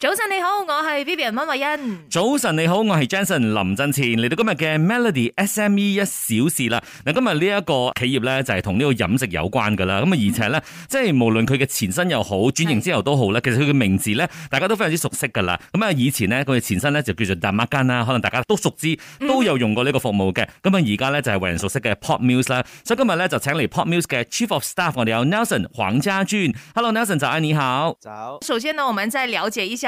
早晨你好，我係 Vivian 溫慧欣。早晨你好，我係 Jenson 林振前。嚟到今日嘅 Melody SME 一小時啦。嗱，今日呢一個企業咧就係同呢個飲食有關噶啦。咁啊，而且咧，即係無論佢嘅前身又好，轉型之後都好咧，其實佢嘅名字咧，大家都非常之熟悉噶啦。咁啊，以前咧佢嘅前身咧就叫做 Dahmakan 啦，可能大家都熟知，都有用過呢個服務嘅。咁啊，而家咧就係為人熟悉嘅 Popmeals 啦。所以今日咧就請嚟 Popmeals 嘅 Chief of Staff 我哋有 Nelson 黃家駿。Hello Nelson，早安，你好。早。首先呢，我們再了解一下。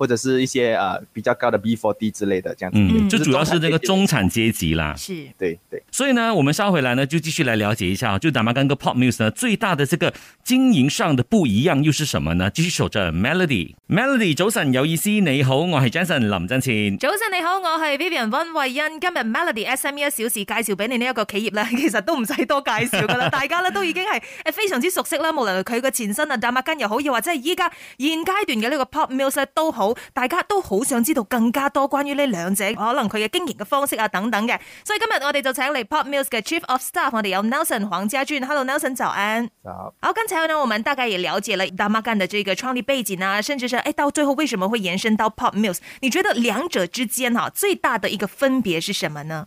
或者是一些啊比較高的 B four D 之類的，這樣嗯，就主要是呢個中產階級啦。是，對對。所以呢，我們稍回來呢，就繼續來了解一下，就打馬根哥 Popmeals 呢最大的這個經營上的不一樣又是什麼呢？繼續守着 Melody，Melody 早晨，有意思，你好，我係 Jason 林振前。早晨你好，我係 Vivian 溫慧欣。今日 Melody SME 一小時介紹俾你呢一個企業咧，其實都唔使多介紹噶啦， 大家咧都已經係誒非常之熟悉啦。無論佢個前身啊打 馬根又好，又或者係依家現階段嘅呢個 Popmeals 都好。大家都好想知道更加多關於呢兩者可能佢嘅經營嘅方式啊等等嘅，所以今日我哋就請嚟 Popmeals 嘅 Chief of Staff，我哋有 Nelson 黃家俊，Hello Nelson 早安。早好，剛才呢，我們大概也了解了 Dahmakan 的這個創立背景啊，甚至是誒、欸、到最後為什麼會延伸到 Popmeals？你覺得兩者之間哈、啊、最大的一個分別是什麼呢？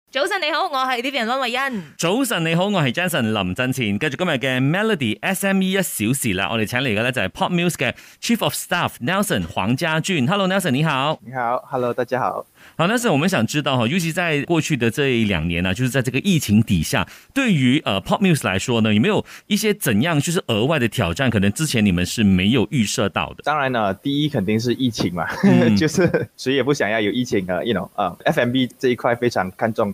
早晨你好，我係 Vivian 林慧欣。早晨你好，我係 Jason 林真晴，跟住今日嘅 Melody SME 一小時啦，我哋請嚟嘅咧就係 Popmeals 嘅 Chief of Staff Nelson 黃家俊。Hello Nelson 你好，你好，Hello 大家好。好，Nelson，我們想知道哈，尤其在過去的這兩年啦，就是在這個疫情底下，對於呃 Popmeals 來說呢，有沒有一些怎樣，就是額外的挑戰？可能之前你們是沒有預設到的。當然啦，第一肯定是疫情嘛，嗯、 就是誰也不想要有疫情嘅，You know，啊、uh，F&B 這一塊非常看重。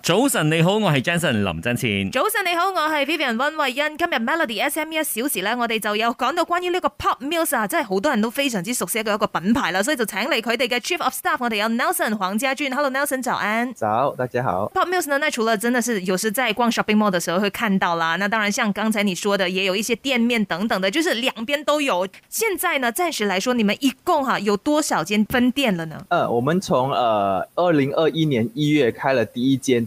早晨你好，我係 Jason 林振千。早晨你好，我係 Vivian 溫慧欣。今日 Melody SME 一小時咧，我哋就有講到關於呢個 Popmeals 啊，真係好多人都非常之熟悉嘅一,一個品牌啦，所以就請嚟佢哋嘅 Chief of Staff，我哋有 Nelson 黃家俊。Hello Nelson，早安。早，大家好。Popmeals 呢，那除了真的是有時在逛 shopping mall 的時候會看到啦，那當然像剛才你說的，也有一些店面等等的，就是兩邊都有。現在呢，暫時來說，你們一共哈、啊、有多少間分店了呢？呃，我們從呃二零二一年一月開了第一間。